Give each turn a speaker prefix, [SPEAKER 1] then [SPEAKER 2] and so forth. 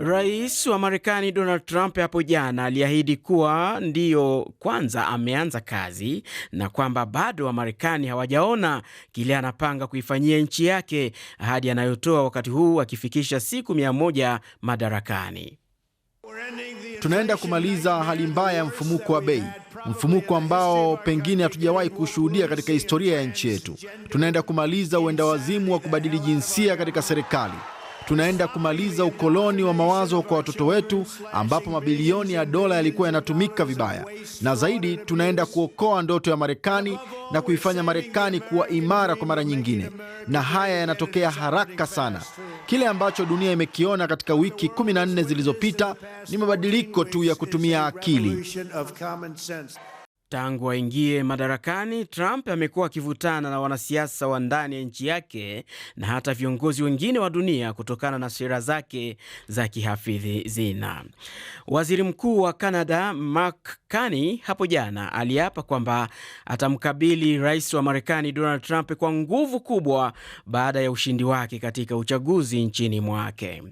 [SPEAKER 1] Rais wa Marekani Donald Trump hapo jana aliahidi kuwa ndiyo kwanza ameanza kazi na kwamba bado Wamarekani hawajaona kile anapanga kuifanyia nchi yake, ahadi anayotoa wakati huu akifikisha siku mia moja madarakani.
[SPEAKER 2] Tunaenda kumaliza hali mbaya ya mfumuko wa bei, mfumuko ambao pengine hatujawahi kushuhudia katika historia ya nchi yetu. Tunaenda kumaliza uendawazimu wa kubadili jinsia katika serikali tunaenda kumaliza ukoloni wa mawazo kwa watoto wetu, ambapo mabilioni ya dola yalikuwa yanatumika vibaya, na zaidi, tunaenda kuokoa ndoto ya Marekani na kuifanya Marekani kuwa imara kwa mara nyingine, na haya yanatokea haraka sana. Kile ambacho dunia imekiona katika wiki 14 zilizopita ni mabadiliko tu ya kutumia akili.
[SPEAKER 1] Tangu aingie madarakani, Trump amekuwa akivutana na wanasiasa wa ndani ya nchi yake na hata viongozi wengine wa dunia kutokana na sera zake za kihafidhi zina Waziri Mkuu wa Canada Mark Carney hapo jana aliapa kwamba atamkabili rais wa Marekani Donald Trump kwa nguvu kubwa baada ya ushindi wake katika uchaguzi nchini mwake.